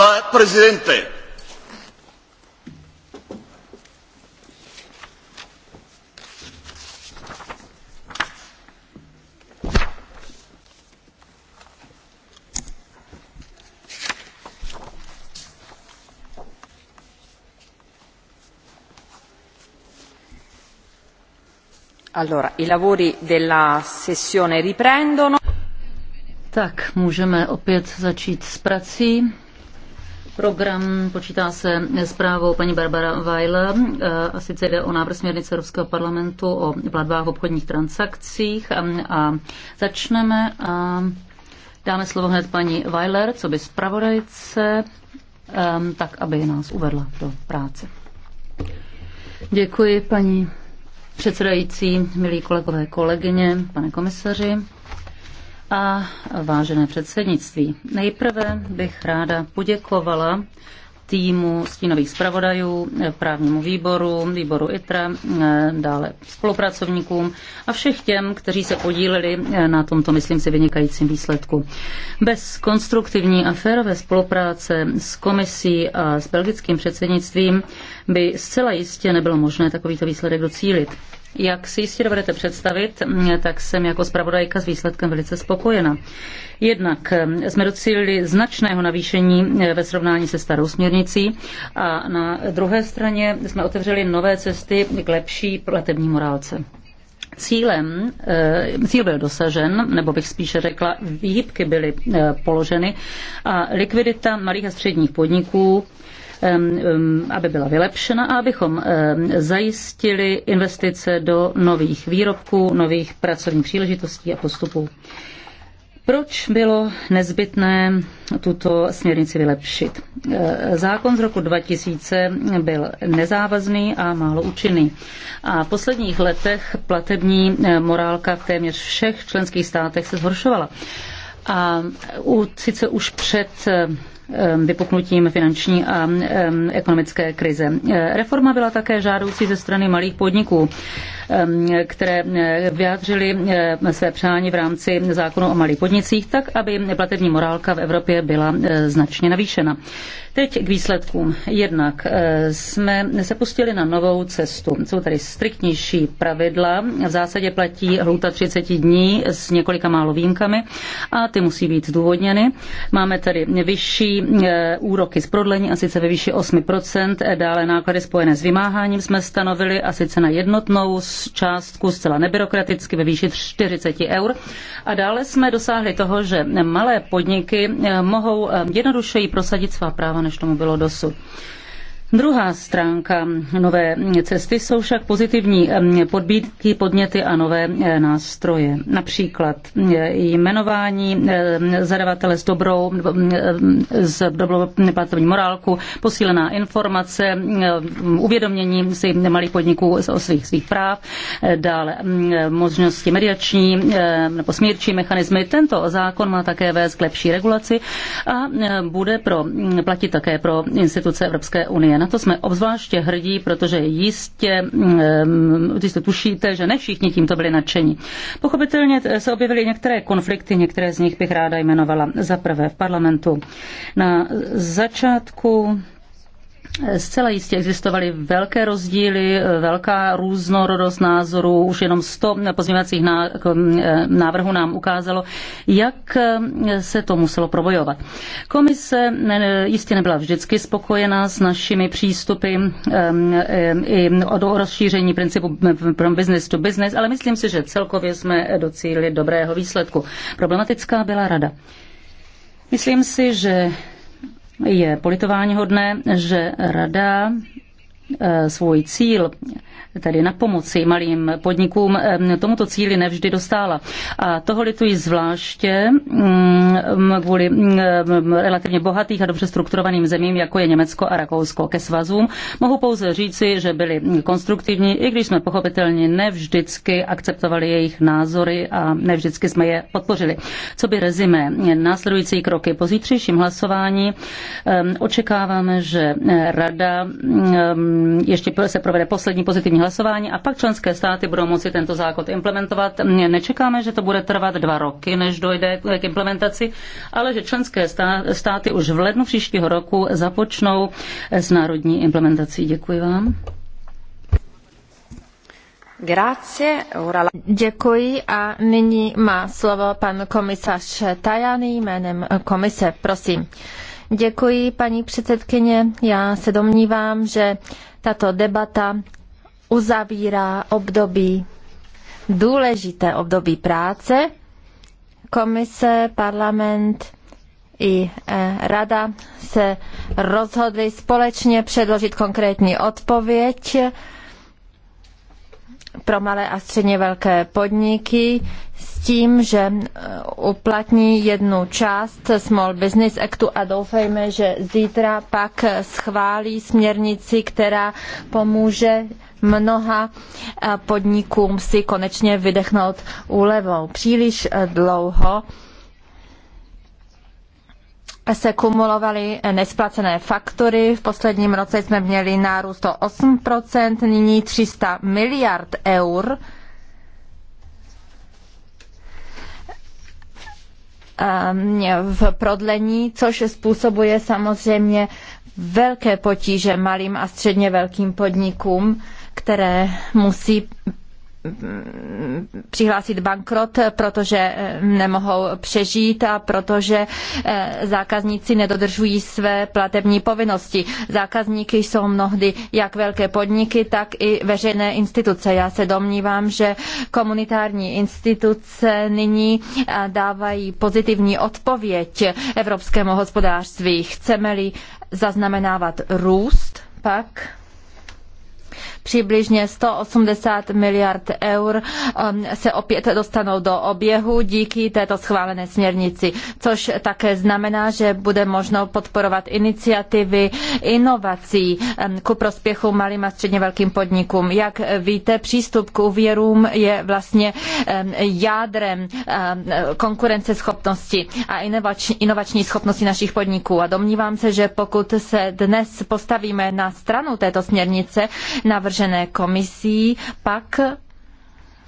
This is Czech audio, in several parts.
la Presidente. Allora, i lavori della sessione riprendono. Tak, můžeme opět začít s prací. Program počítá se zprávou paní Barbara Weiler eh, a sice jde o návrh směrnice Evropského parlamentu o platbách obchodních transakcích a, a začneme a dáme slovo hned paní Weiler, co by zpravodajce, tak aby nás uvedla do práce. Děkuji paní předsedající, milí kolegové, kolegyně, pane komisaři a vážené předsednictví. Nejprve bych ráda poděkovala týmu stínových zpravodajů, právnímu výboru, výboru ITRA, dále spolupracovníkům a všech těm, kteří se podíleli na tomto, myslím si, vynikajícím výsledku. Bez konstruktivní a férové spolupráce s komisí a s belgickým předsednictvím by zcela jistě nebylo možné takovýto výsledek docílit. Jak si jistě dovedete představit, mm, tak jsem jako zpravodajka s výsledkem velice spokojena. Jednak mm, jsme docílili značného navýšení mm, ve srovnání se starou směrnicí a na druhé straně jsme otevřeli nové cesty k lepší platební morálce cílem, eh, cíl byl dosažen, nebo bych spíše řekla, výhybky byly eh, položeny a likvidita malých a středních podniků aby byla vylepšena a abychom zajistili investice do nových výrobků, nových pracovních příležitostí a postupů. Proč bylo nezbytné tuto směrnici vylepšit? E, zákon z roku 2000 byl nezávazný a málo účinný. A v posledních letech platební e, morálka v téměř všech členských státech se zhoršovala. A u, sice už před e, Eh, vypuknutím finanční a eh, ekonomické krize. Eh, reforma byla také žádoucí ze strany malých podniků, které vyjádřili své přání v rámci zákonu o malých podnicích, tak aby platební morálka v Evropě byla značně navýšena. Teď k výsledkům. Jednak eh, jsme se pustili na novou cestu. Jsou tady striktnější pravidla. V zásadě platí hluta 30 dní s několika málo výjimkami a ty musí být zdůvodněny. Máme tady vyšší eh, úroky z prodlení a sice ve výši 8%. Eh, dále náklady spojené s vymáháním jsme stanovili a sice na jednotnou částku zcela nebyrokraticky ve výši 40 eur. A dále jsme dosáhli toho, že malé podniky mohou jednodušeji prosadit svá práva než tomu bylo dosud. Druhá stránka nové cesty jsou však pozitivní podbídky, podněty a nové e, nástroje. Například e, jmenování e, zadavatele s dobrou, s dobrou platovní morálku, posílená informace, uvědomění si malých podniků o svých, svých práv, dále možnosti mediační nebo smírčí mechanismy. Tento zákon má také vést k lepší regulaci a bude pro, platit také pro instituce Evropské unie. Na to jsme obzvláště hrdí, protože jistě, mm, eh, jistě tušíte, že ne všichni tímto byli nadšení. Pochopitelně eh, se objevily některé konflikty, některé z nich bych ráda jmenovala. Za prvé v parlamentu. Na začátku Zcela jistě existovaly velké rozdíly, velká různorodost názorů, už jenom 100 pozměňovacích návrhů nám ukázalo, jak e, se to muselo probojovat. Komise e, jistě nebyla vždycky spokojená s našimi přístupy e, i o rozšíření principu from business to business, ale myslím si, že celkově jsme docílili dobrého výsledku. Problematická byla rada. Myslím si, že je politováníhodné, že Rada Eh, svůj cíl, tedy na pomoci malým podnikům, eh, tomuto cíli nevždy dostála. A toho lituji zvláště mm, mm, kvůli mm, relativně bohatých a dobře strukturovaným zemím, jako je Německo a Rakousko. Ke svazům mohu pouze říci, že byli konstruktivní, i když jsme pochopitelně nevždycky akceptovali jejich názory a nevždycky jsme je podpořili. Co by rezime? Následující kroky po zítřejším hlasování očekáváme, že eh, Rada ještě se provede poslední pozitivní hlasování a pak členské státy budou moci tento zákon implementovat. Nečekáme, že to bude trvat dva roky, než dojde k implementaci, ale že členské státy už v lednu příštího roku započnou s národní implementací. Děkuji vám. Děkuji a nyní má slovo pan komisař Tajany jménem komise. Prosím. Děkuji, paní předsedkyně. Já se domnívám, že tato debata uzavírá období, důležité období práce. Komise, parlament i eh, rada se rozhodli společně předložit konkrétní odpověď pro malé a středně velké podniky tím, že eh, uplatní jednu část Small Business Actu a doufejme, že zítra pak eh, schválí směrnici, která pomůže mnoha eh, podnikům si konečně vydechnout úlevou. Příliš dlouho se kumulovaly nesplacené faktury. V posledním roce jsme měli nárůst o 8%, nyní 300 miliard eur Um, v prodlení, což způsobuje samozřejmě velké potíže malým a středně velkým podnikům, které musí přihlásit bankrot, protože eh, nemohou přežít a protože eh, zákazníci nedodržují své platební povinnosti. Zákazníky jsou mnohdy jak velké podniky, tak i veřejné instituce. Já se domnívám, že komunitární instituce nyní eh, dávají pozitivní odpověď evropskému hospodářství. Chceme-li zaznamenávat růst, pak Přibližně 180 miliard eur um, se opět dostanou do oběhu díky této schválené směrnici, což také znamená, že bude možno podporovat iniciativy inovací um, ku prospěchu malým a středně velkým podnikům. Jak víte, přístup k úvěrům je vlastně um, jádrem konkurenceschopnosti a inovační schopnosti našich podniků. A domnívám se, že pokud se dnes postavíme na stranu této směrnice, navržené komisí, pak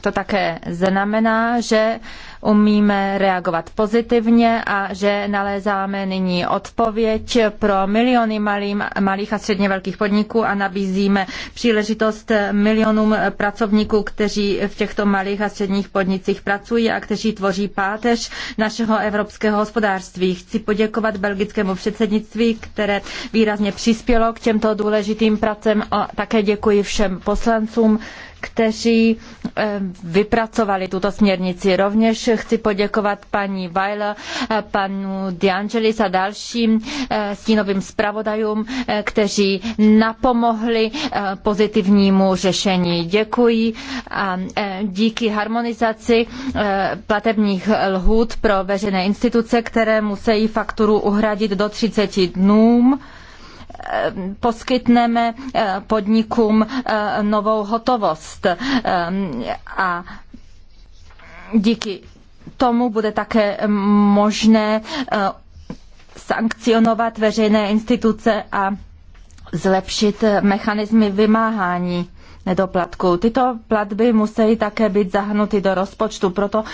to také znamená, že umíme reagovat pozitivně a že nalézáme nyní odpověď pro miliony malým, malých a středně velkých podniků a nabízíme příležitost milionům pracovníků, kteří v těchto malých a středních podnicích pracují a kteří tvoří páteř našeho evropského hospodářství. Chci poděkovat belgickému předsednictví, které výrazně přispělo k těmto důležitým pracem a také děkuji všem poslancům, kteří eh, vypracovali tuto směrnici. Rovněž chci poděkovat paní Weiler, eh, panu Diangelis a dalším eh, stínovým zpravodajům, kteří napomohli pozitivnímu řešení. Děkuji a díky harmonizaci platebních lhůt pro veřejné instituce, které musí fakturu uhradit do 30 dnů, Eh, poskytneme eh, podnikům eh, novou hotovost a díky tomu bude také možné sankcionovat veřejné instituce a zlepšit mechanismy vymáhání nedoplatků. Tyto platby musí také být zahrnuty do rozpočtu, proto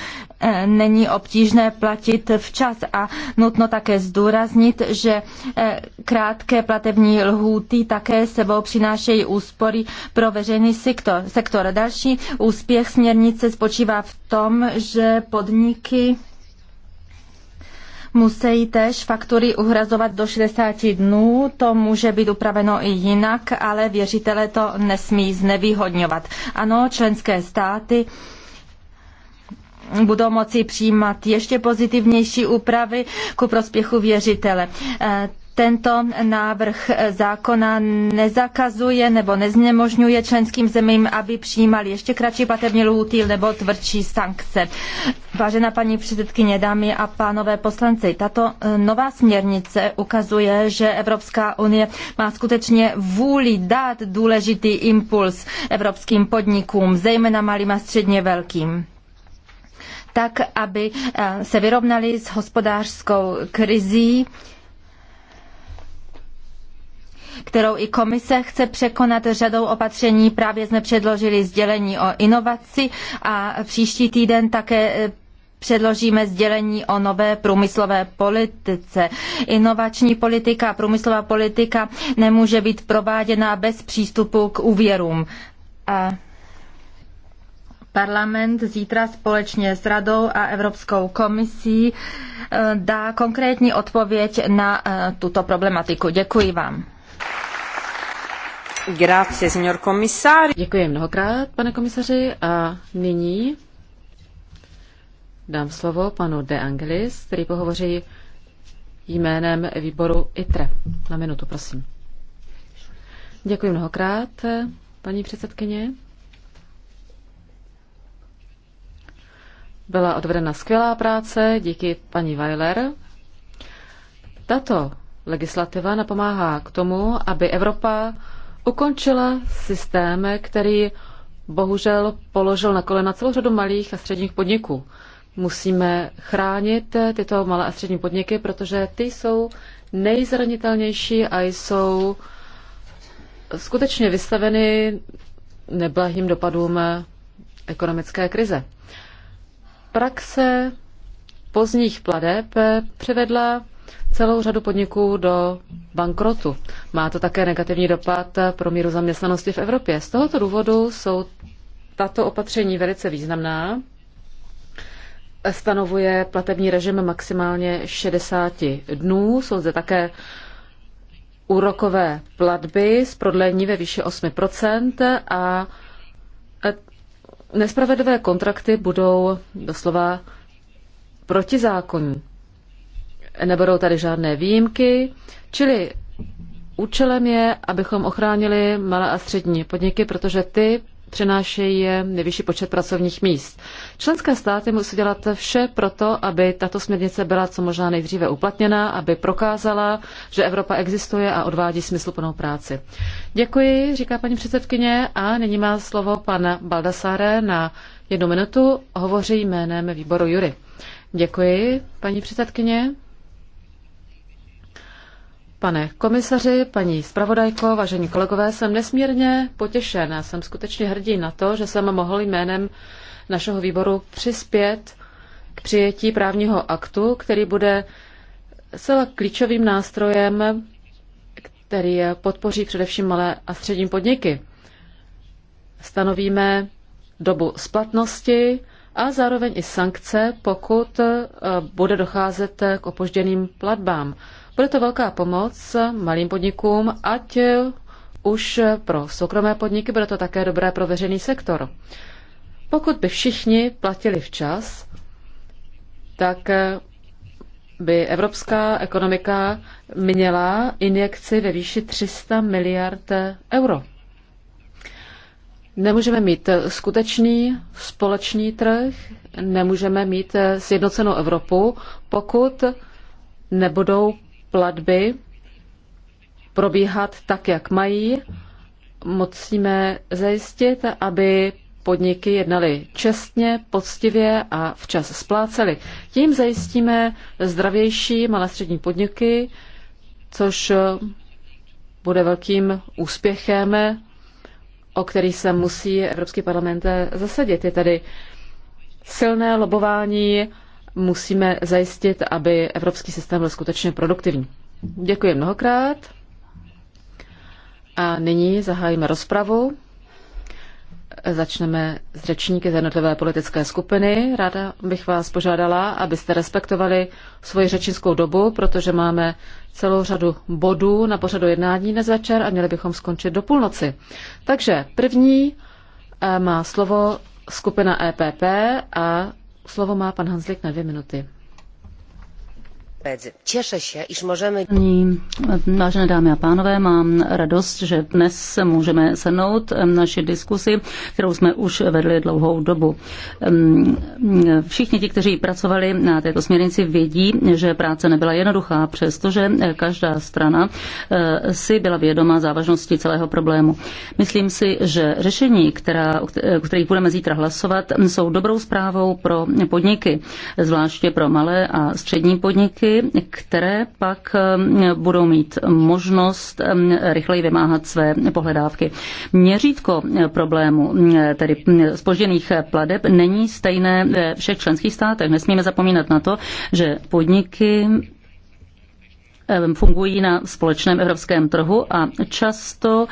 eh, není obtížné platit včas a nutno také zdůraznit, že eh, krátké platební lhůty také sebou přinášejí úspory pro veřejný sektor. sektor. Další úspěch směrnice spočívá v tom, že podniky Musí též faktury uhrazovat do 60 dnů, to může být upraveno i jinak, ale věřitele to nesmí znevýhodňovat. Ano, členské státy budou moci přijímat ještě pozitivnější úpravy ku prospěchu věřitele. Eh, tento návrh zákona nezakazuje nebo neznemožňuje členským zemím, aby přijímali ještě kratší platební lhůty nebo tvrdší sankce. Vážená paní předsedkyně, dámy a pánové poslanci, tato eh, nová směrnice ukazuje, že Evropská unie má skutečně vůli dát důležitý impuls evropským podnikům, zejména malým a středně velkým tak, aby eh, se vyrovnali s hospodářskou krizí, kterou i komise chce překonat řadou opatření. Právě jsme předložili sdělení o inovaci a příští týden také eh, předložíme sdělení o nové průmyslové politice. Inovační politika a průmyslová politika nemůže být prováděna bez přístupu k úvěrům. A parlament zítra společně s Radou a Evropskou komisí eh, dá konkrétní odpověď na eh, tuto problematiku. Děkuji vám. Grazie, signor Děkuji mnohokrát, pane komisaři. A nyní dám slovo panu De Angelis, který pohovoří jménem výboru ITRE. Na minutu, prosím. Děkuji mnohokrát, paní předsedkyně. Byla odvedena skvělá práce, díky paní Weiler. Tato legislativa napomáhá k tomu, aby Evropa ukončila systém, který bohužel položil na kolena celou řadu malých a středních podniků. Musíme chránit tyto malé a střední podniky, protože ty jsou nejzranitelnější a jsou skutečně vystaveny neblahým dopadům ekonomické krize. Praxe pozdních pladeb přivedla celou řadu podniků do bankrotu. Má to také negativní dopad pro míru zaměstnanosti v Evropě. Z tohoto důvodu jsou tato opatření velice významná. Stanovuje platební režim maximálně 60 dnů. Jsou zde také úrokové platby s prodlení ve výši 8% a nespravedlivé kontrakty budou doslova protizákonní nebudou tady žádné výjimky, čili účelem je, abychom ochránili malé a střední podniky, protože ty přinášejí nejvyšší počet pracovních míst. Členské státy musí dělat vše pro to, aby tato směrnice byla co možná nejdříve uplatněna, aby prokázala, že Evropa existuje a odvádí smysluplnou práci. Děkuji, říká paní předsedkyně, a nyní má slovo pan Baldassare na jednu minutu, hovoří jménem výboru Jury. Děkuji, paní předsedkyně. Pane komisaři, paní zpravodajko, vážení kolegové, jsem nesmírně potěšen. Já jsem skutečně hrdý na to, že jsem mohl jménem našeho výboru přispět k přijetí právního aktu, který bude celá klíčovým nástrojem, který podpoří především malé a střední podniky. Stanovíme dobu splatnosti a zároveň i sankce, pokud eh, bude docházet k opožděným platbám. Bude to velká pomoc malým podnikům, ať už pro soukromé podniky, bude to také dobré pro veřejný sektor. Pokud by všichni platili včas, tak by evropská ekonomika měla injekci ve výši 300 miliard euro. Nemůžeme mít skutečný společný trh, nemůžeme mít sjednocenou Evropu, pokud nebudou platby probíhat tak, jak mají. Musíme zajistit, aby podniky jednaly čestně, poctivě a včas spláceli. Tím zajistíme zdravější malé střední podniky, což bude velkým úspěchem, o který se musí Evropský parlament zasadit. Je tady silné lobování musíme zajistit, aby evropský systém byl skutečně produktivní. Děkuji mnohokrát. A nyní zahájíme rozpravu. Začneme s řečníky z jednotlivé politické skupiny. Ráda bych vás požádala, abyste respektovali svoji řečnickou dobu, protože máme celou řadu bodů na pořadu jednání dnes večer a měli bychom skončit do půlnoci. Takže první eh, má slovo skupina EPP a Slovo má pan Hanzlik na dvě minuty. Vážené dámy a pánové, mám radost, že dnes můžeme shrnout ehm, naši diskusi, kterou jsme už vedli dlouhou dobu. Ehm, všichni ti, kteří pracovali na této směrnici, vědí, že práce nebyla jednoduchá, přestože každá strana eh, si byla vědoma závažnosti celého problému. Myslím si, že řešení, která, o kterých budeme zítra hlasovat, jsou dobrou zprávou pro podniky, zvláště pro malé a střední podniky, banky, které pak um, budou mít možnost um, rychleji vymáhat své pohledávky. Měřítko uh, problému, uh, tedy spožděných pladeb, není stejné ve všech členských státech. Nesmíme zapomínat na to, že podniky um, fungují na společném evropském trhu a často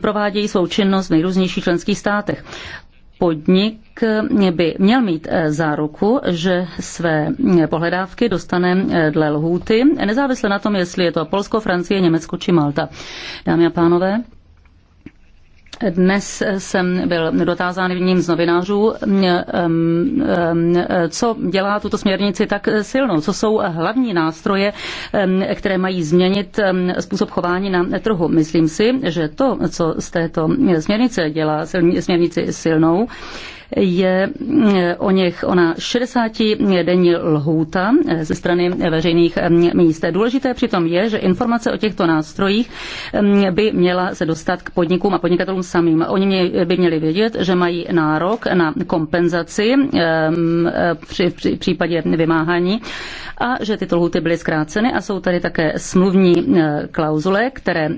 provádějí svou činnost v nejrůznějších členských státech podnik by měl mít eh, záruku, že své eh, pohledávky dostane eh, dle lhůty, nezávisle na tom, jestli je to Polsko, Francie, Německo či Malta. Dámy a pánové, dnes jsem byl dotázán jedním z novinářů, mm, mm, mm, co dělá tuto směrnici tak silnou, co jsou hlavní nástroje, které mají změnit způsob chování na trhu. Myslím si, že to, co z této směrnice dělá směrnici silnou, je mm, o něch ona 60 denní lhůta eh, ze strany veřejných eh, míst. Důležité přitom je, že informace o těchto nástrojích mm, by měla se dostat k podnikům a podnikatelům samým. Oni by měli vědět, že mají nárok na kompenzaci ehm, eh, při případě vymáhání a že tyto lhůty byly zkráceny a jsou tady také smluvní klauzule, které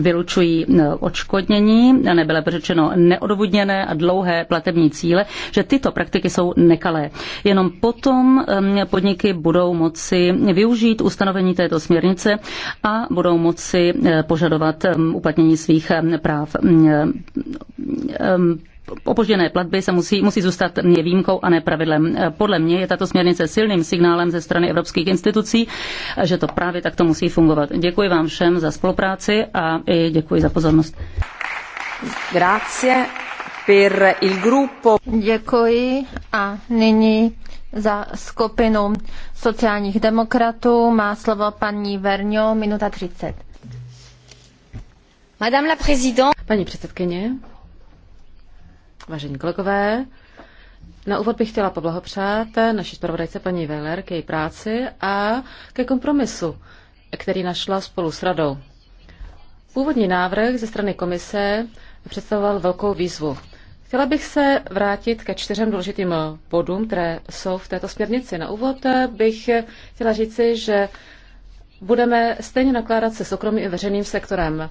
vylučují odškodnění, nebylo řečeno neodvodněné a dlouhé dlouhé platební cíle, že tyto praktiky jsou nekalé. Jenom potom podniky budou moci využít ustanovení této směrnice a budou moci eh, požadovat uplatnění svých práv opožděné platby se musí, musí zůstat výjimkou a ne pravidlem. Podle mě je tato směrnice silným signálem ze strany evropských institucí, že to právě takto musí fungovat. Děkuji vám všem za spolupráci a i děkuji za pozornost. Grazie. Děkuji a nyní za skupinu sociálních demokratů má slovo paní Verňo, minuta 30. Madame la présidente. Paní předsedkyně, vážení kolegové, na úvod bych chtěla poblahopřát naší zpravodajce paní Veller k její práci a ke kompromisu, který našla spolu s radou. Původní návrh ze strany komise představoval velkou výzvu. Chtěla bych se vrátit ke čtyřem důležitým bodům, které jsou v této směrnici. Na úvod bych chtěla říci, že budeme stejně nakládat se soukromým i veřejným sektorem.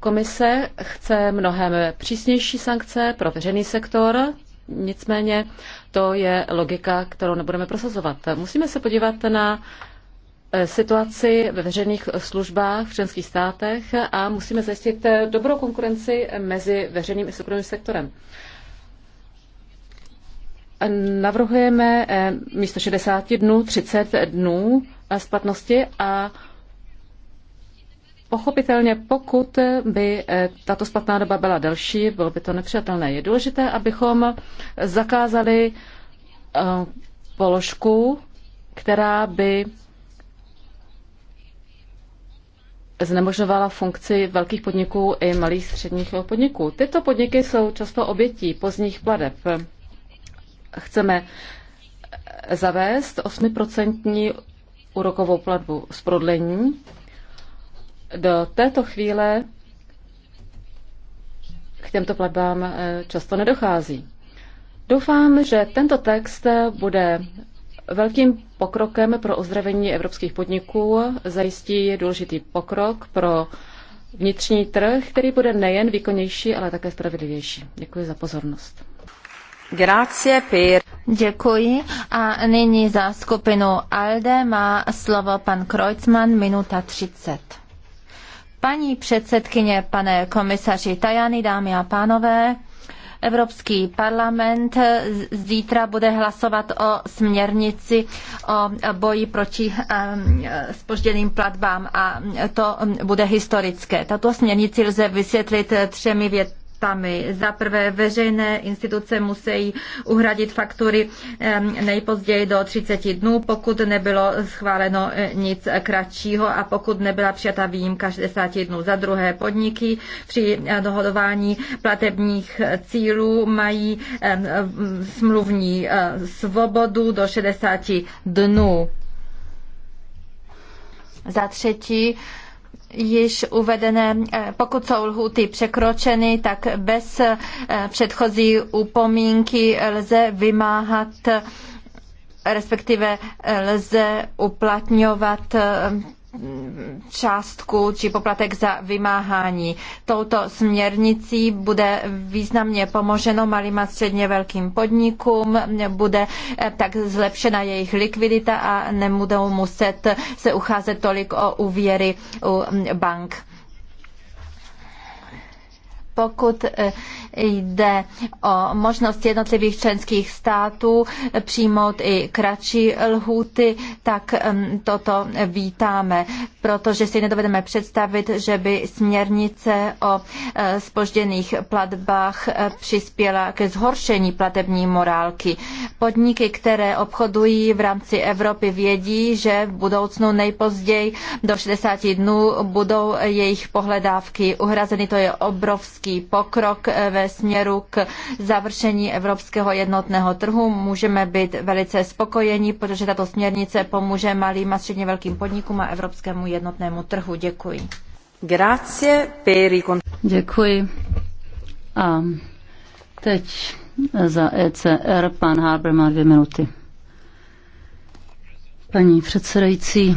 Komise chce mnohem přísnější sankce pro veřejný sektor, nicméně to je logika, kterou nebudeme prosazovat. Musíme se podívat na Eh, situaci ve veřejných službách v členských státech a musíme zajistit eh, dobrou konkurenci mezi veřejným i soukromým sektorem. Navrhujeme eh, místo 60 dnů 30 dnů splatnosti a Pochopitelně, pokud by tato splatná doba byla delší, bylo by to nepřijatelné. Je důležité, abychom zakázali položku, která by znemožňovala funkci velkých podniků i malých středních podniků. Tyto podniky jsou často obětí pozdních pladeb. Chceme zavést 8% úrokovou platbu z prodlení. Do této chvíle k těmto platbám eh, často nedochází. Doufám, že tento text bude Velkým pokrokem pro ozdravení evropských podniků zajistí důležitý pokrok pro vnitřní trh, který bude nejen výkonnější, ale také spravedlivější. Děkuji za pozornost. Grazie per... Děkuji a nyní za skupinu ALDE má slovo pan Kreutzmann, minuta 30. Paní předsedkyně, pane komisaři Tajany, dámy a pánové, Evropský parlament zítra bude hlasovat o směrnici o boji proti spožděným eh, platbám a to bude historické. Tato směrnici lze vysvětlit třemi větami cestami. Za prvé, veřejné instituce musí uhradit faktury nejpozději do 30 dnů, pokud nebylo schváleno e, nic kratšího a pokud nebyla přijata výjimka 60 dnů. Za druhé, podniky při e, dohodování platebních cílů mají smluvní e, svobodu do 60 dnů. Za třetí, již uvedené, eh, pokud jsou lhuty překročeny, tak bez eh, předchozí upomínky lze vymáhat eh, respektive lze uplatňovat částku či poplatek za vymáhání. Touto směrnicí bude významně pomoženo malým a středně velkým podnikům, bude eh, tak zlepšena jejich likvidita a nebudou muset se ucházet tolik o úvěry u bank pokud eh, jde o možnost jednotlivých členských států přijmout i kratší lhůty, tak toto vítáme, protože si nedovedeme představit, že by směrnice o spožděných eh, platbách eh, přispěla ke zhoršení platební morálky. Podniky, které obchodují v rámci Evropy, vědí, že v budoucnu nejpozději do 60 dnů budou jejich pohledávky uhrazeny. To je obrovský velký pokrok eh, ve směru k završení evropského jednotného trhu. Můžeme být velice spokojeni, protože tato směrnice pomůže malým a středně velkým podnikům a evropskému jednotnému trhu. Děkuji. Grazie per i... Děkuji. A teď za ECR pan Harber má dvě minuty. Paní předsedající,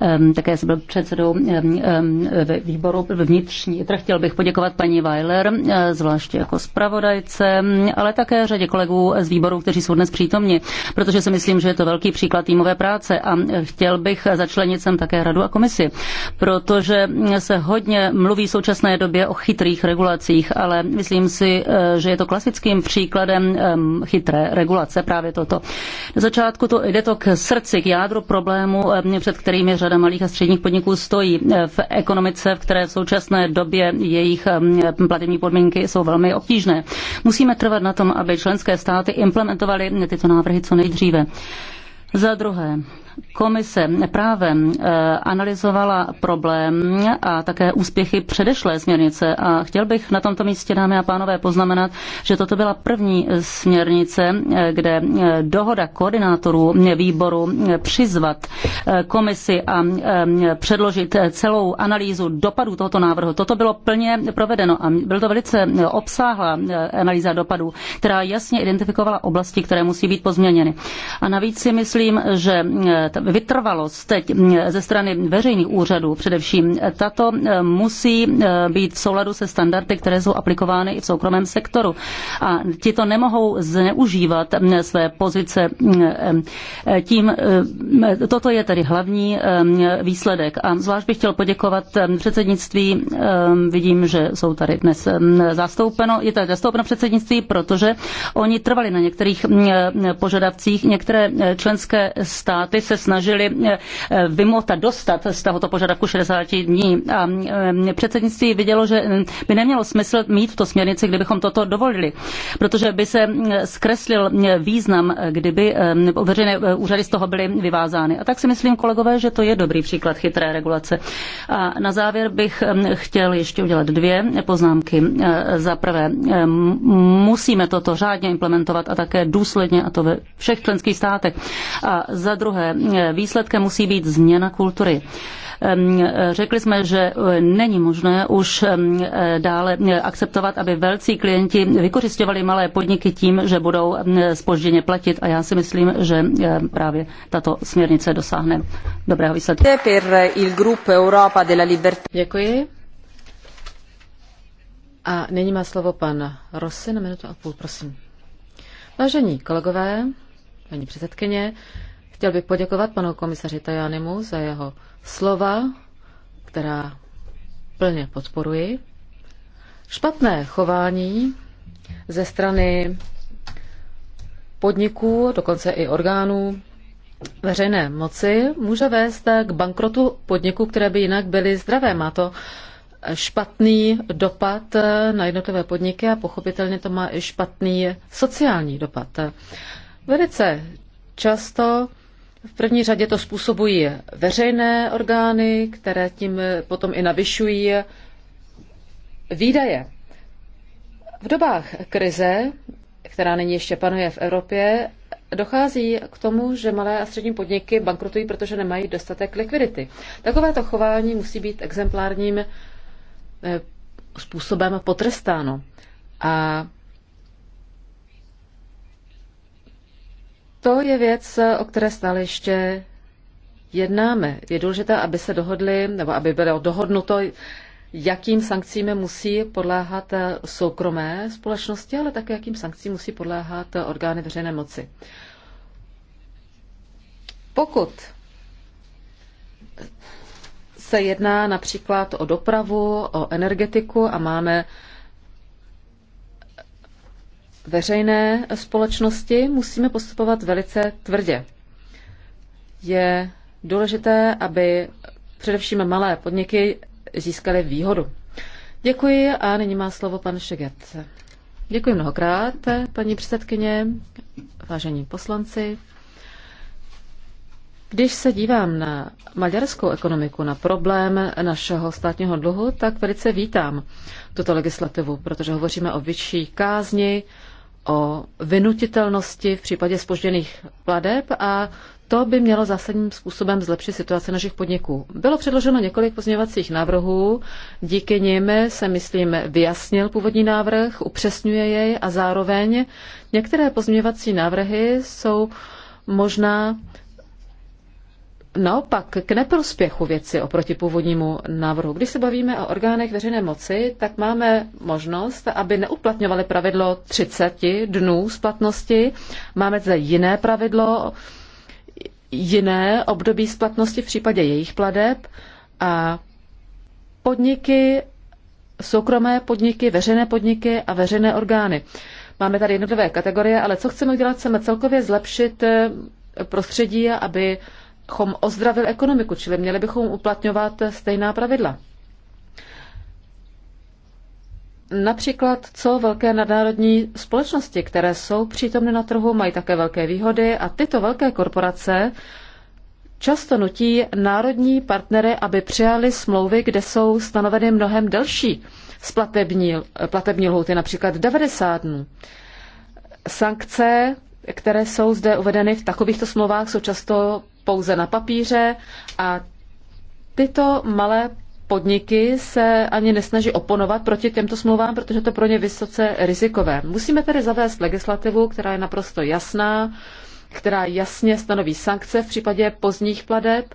Ehm, také jsem byl předsedou ehm, ehm, výboru vnitřní trh. Chtěl bych poděkovat paní Weiler, eh, zvláště jako zpravodajce, ale také řadě kolegů z výboru, kteří jsou dnes přítomni, protože si myslím, že je to velký příklad týmové práce a eh, chtěl bych začlenit sem také radu a komisi, protože hm, se hodně mluví v současné době o chytrých regulacích, ale myslím si, eh, že je to klasickým příkladem chytré regulace právě toto. Na začátku to jde to k srdci, k jádru problému, před kterými řada řada malých a středních podniků stojí v ekonomice, v které v současné době jejich platební podmínky jsou velmi obtížné. Musíme trvat na tom, aby členské státy implementovaly tyto návrhy co nejdříve. Za druhé, Komise právem eh, analyzovala problém a také úspěchy předešlé směrnice a chtěl bych na tomto místě, dámy a pánové, poznamenat, že toto byla první eh, směrnice, eh, kde dohoda koordinátorů výboru přizvat komisi a předložit celou analýzu dopadů tohoto návrhu. Toto bylo plně provedeno a byl to velice obsáhlá analýza dopadů, která jasně identifikovala oblasti, které musí být pozměněny. A navíc si myslím, že let. Vytrvalost teď mm, ze strany veřejných úřadů především, tato mm, musí mm, být v souladu se standardy, které jsou aplikovány i v soukromém sektoru. A ti to nemohou zneužívat své pozice tím, toto je tedy hlavní výsledek. A zvlášť bych chtěl poděkovat předsednictví, vidím, že jsou tady dnes zastoupeno, je tady zastoupeno předsednictví, protože oni trvali na některých požadavcích, některé členské státy se snažili eh, eh, vymotat, dostat z tohoto požadavku 60 dní. A eh, předsednictví vidělo, že by nemělo smysl mít v to směrnici, kdybychom toto dovolili, protože by se zkreslil význam, kdyby veřejné úřady z toho byly vyvázány. A tak si myslím, kolegové, že to je dobrý příklad chytré regulace. A na závěr bych chtěl ještě udělat dvě poznámky. Za prvé, musíme toto řádně implementovat a také důsledně, a to ve všech členských státech. A za druhé, výsledkem musí být změna kultury řekli jsme, že e, není možné už e, dále e, akceptovat, aby velcí klienti vykořišťovali malé podniky tím, že budou spožděně platit a já si myslím, že právě tato směrnice dosáhne dobrého výsledku. Děkuji. A nyní má slovo pan Rossi na minutu a půl, prosím. Vážení kolegové, paní předsedkyně, Chtěl bych poděkovat panu komisaři Tajanimu za jeho slova, která plně podporuji. Špatné chování ze strany podniků, dokonce i orgánů veřejné moci může vést k bankrotu podniků, které by jinak byly zdravé. Má to špatný dopad na jednotlivé podniky a pochopitelně to má i špatný sociální dopad. Velice často v první řadě to způsobují veřejné orgány, které tím potom i navyšují výdaje. V dobách krize, která nyní ještě panuje v Evropě, dochází k tomu, že malé a střední podniky bankrotují, protože nemají dostatek likvidity. Takovéto chování musí být exemplárním eh, způsobem potrestáno. A To je věc, o které stále ještě jednáme. Je důležité, aby se dohodli, nebo aby bylo dohodnuto, jakým sankcím musí podléhat eh, soukromé společnosti, ale také jakým sankcím musí podléhat eh, orgány veřejné moci. Pokud se jedná například o dopravu, o energetiku a máme veřejné společnosti musíme postupovat velice tvrdě. Je důležité, aby především malé podniky získaly výhodu. Děkuji a nyní má slovo pan Šeget. Děkuji mnohokrát, paní předsedkyně, vážení poslanci. Když se dívám na maďarskou ekonomiku, na problém našeho státního dluhu, tak velice vítám tuto legislativu, protože hovoříme o vyšší kázni, o vynutitelnosti v případě spožděných pladeb a to by mělo zásadním způsobem zlepšit situaci našich podniků. Bylo předloženo několik pozměňovacích návrhů, díky nim se, myslím, vyjasnil původní návrh, upřesňuje jej a zároveň některé pozměňovací návrhy jsou možná naopak k neprospěchu věci oproti původnímu návrhu. Když se bavíme o orgánech veřejné moci, tak máme možnost, aby neuplatňovali pravidlo 30 dnů splatnosti. Máme zde jiné pravidlo, jiné období splatnosti v případě jejich pladeb a podniky, soukromé podniky, veřejné podniky a veřejné orgány. Máme tady jednotlivé kategorie, ale co chceme udělat? Chceme celkově zlepšit eh, prostředí, aby bychom ozdravili ekonomiku, čili měli bychom uplatňovat stejná pravidla. Například, co velké nadnárodní společnosti, které jsou přítomny na trhu, mají také velké výhody a tyto velké korporace často nutí národní partnery, aby přijali smlouvy, kde jsou stanoveny mnohem delší splatební, platební lhouty, například 90 dnů. Sankce, které jsou zde uvedeny v takovýchto smlouvách, jsou často pouze na papíře a tyto malé podniky se ani nesnaží oponovat proti těmto smlouvám, protože to pro ně vysoce rizikové. Musíme tedy zavést legislativu, která je naprosto jasná, která jasně stanoví sankce v případě pozdních pladeb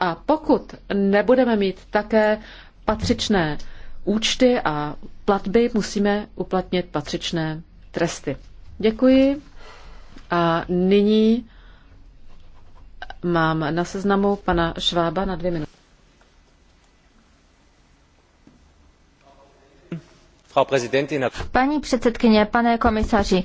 a pokud nebudeme mít také patřičné účty a platby, musíme uplatnit patřičné tresty. Děkuji. A nyní Mám na seznamu pana Švába na dvě minuty. Paní předsedkyně, pane komisaři,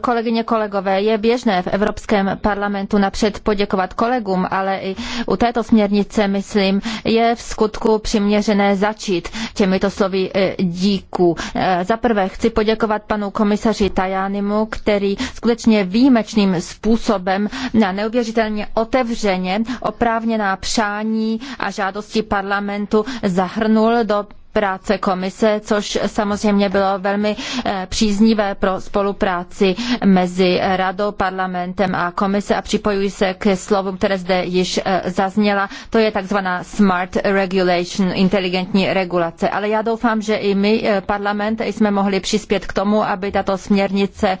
Kolegyně, kolegové, je běžné v Evropském parlamentu napřed poděkovat kolegům, ale i u této směrnice, myslím, je v skutku přiměřené začít těmito slovy e, díků. E, za prvé chci poděkovat panu komisaři Tajánimu, který skutečně výjimečným způsobem na neuvěřitelně otevřeně oprávněná přání a žádosti parlamentu zahrnul do práce komise, což samozřejmě bylo velmi eh, příznivé pro spolupráci mezi radou, parlamentem a komise a připojuji se k slovům, které zde již eh, zazněla. To je takzvaná smart regulation, inteligentní regulace. Ale já doufám, že i my, eh, parlament, jsme mohli přispět k tomu, aby tato směrnice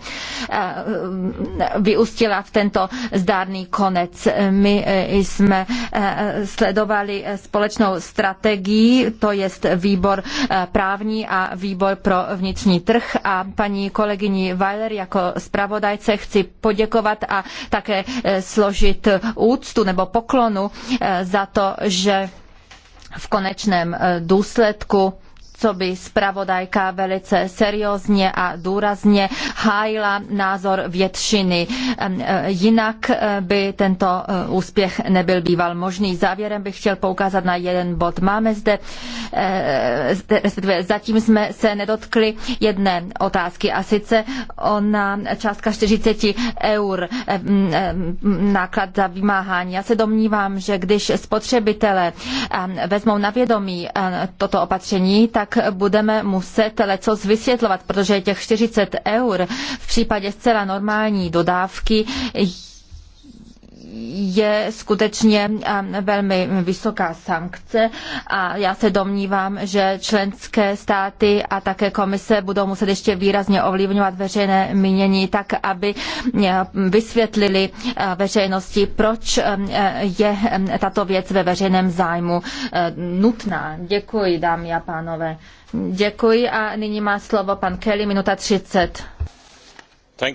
vyústila v tento zdárný konec. My jsme sledovali společnou strategii, to jest výbor výbor eh, právní a výbor pro vnitřní trh a paní kolegyni Weiler jako zpravodajce chci poděkovat a také eh, složit úctu nebo poklonu eh, za to, že v konečném důsledku coby zpravodajka velice seriózně a důrazně hájila názor většiny. E, jinak e, by tento e, úspěch nebyl býval možný. Závěrem bych chtěl poukázat na jeden bod. Máme zde, zatím jsme se nedotkli jedné otázky a sice ona částka 40 eur náklad za vymáhání. Já se domnívám, že když spotřebitelé vezmou na vědomí toto opatření, tak tak budeme muset leco vysvětlovat, protože těch 40 eur v případě zcela normální dodávky je skutečně velmi vysoká sankce a já se domnívám, že členské státy a také komise budou muset ještě výrazně ovlivňovat veřejné mínění tak, aby vysvětlili eh, veřejnosti, proč je tato věc ve veřejném zájmu eh, nutná. Děkuji, dámy a pánové. Děkuji a nyní má slovo pan Kelly, minuta 30.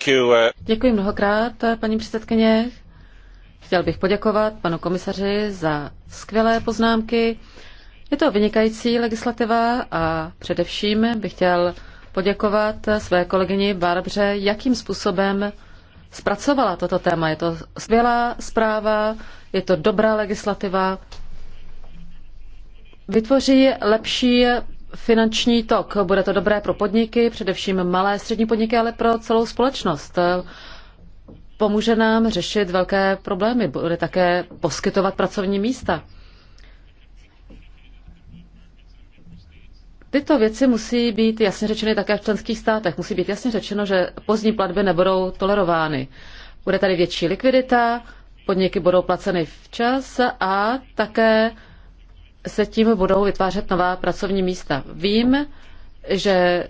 Uh, Děkuji mnohokrát, paní předsedkyně. Chtěl bych poděkovat panu komisaři za skvělé poznámky. Je to vynikající legislativa a především bych chtěl poděkovat své kolegyni Barbře, jakým způsobem zpracovala toto téma. Je to skvělá zpráva, je to dobrá legislativa. Vytvoří lepší finanční tok. Bude to dobré pro podniky, především malé střední podniky, ale pro celou společnost pomůže nám řešit velké problémy, bude také poskytovat pracovní místa. Tyto věci musí být jasně řečeny také v členských státech. Musí být jasně řečeno, že pozdní platby nebudou tolerovány. Bude tady větší likvidita, podniky budou placeny včas a také se tím budou vytvářet nová pracovní místa. Vím, že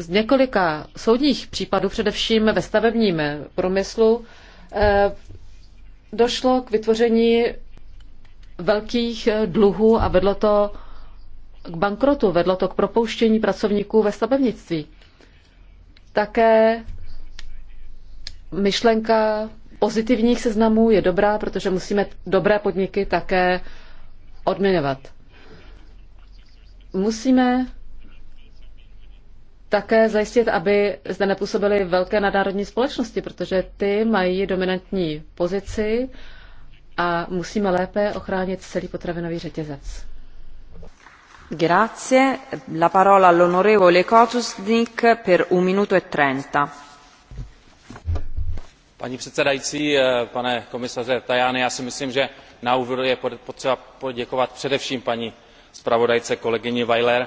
z několika soudních případů, především ve stavebním průmyslu, eh, došlo k vytvoření velkých dluhů a vedlo to k bankrotu, vedlo to k propouštění pracovníků ve stavebnictví. Také myšlenka pozitivních seznamů je dobrá, protože musíme dobré podniky také odměňovat. Musíme také zajistit, aby zde nepůsobily velké nadárodní společnosti, protože ty mají dominantní pozici a musíme lépe ochránit celý potravinový řetězec. Grazie. La parola all'onorevole Kotusnik per un minuto e trenta. Paní předsedající, eh, pane komisaře Tajány, já si myslím, že na úvod je potřeba poděkovat především paní zpravodajce kolegyni Weiler,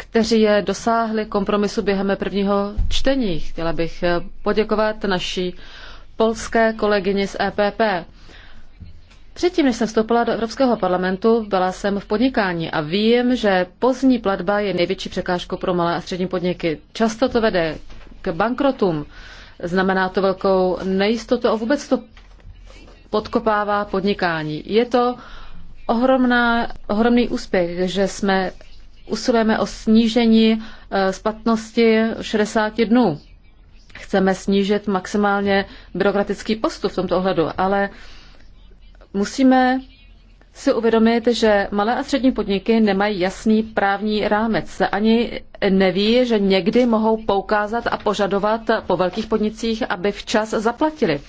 kteří je dosáhli kompromisu během prvního čtení. Chtěla bych eh, poděkovat naší polské kolegyni z EPP. Předtím, než jsem vstoupila do Evropského parlamentu, byla jsem v podnikání a vím, že pozdní platba je největší překážkou pro malé a střední podniky. Často to vede k bankrotům, znamená to velkou nejistotu a vůbec to podkopává podnikání. Je to ohromná, ohromný úspěch, že jsme usilujeme o snížení eh, splatnosti 60 dnů. Chceme snížit maximálně byrokratický postup v tomto ohledu, ale musíme si uvědomit, že malé a střední podniky nemají jasný právní rámec. Ani neví, že někdy mohou poukázat a požadovat po velkých podnicích, aby včas zaplatili.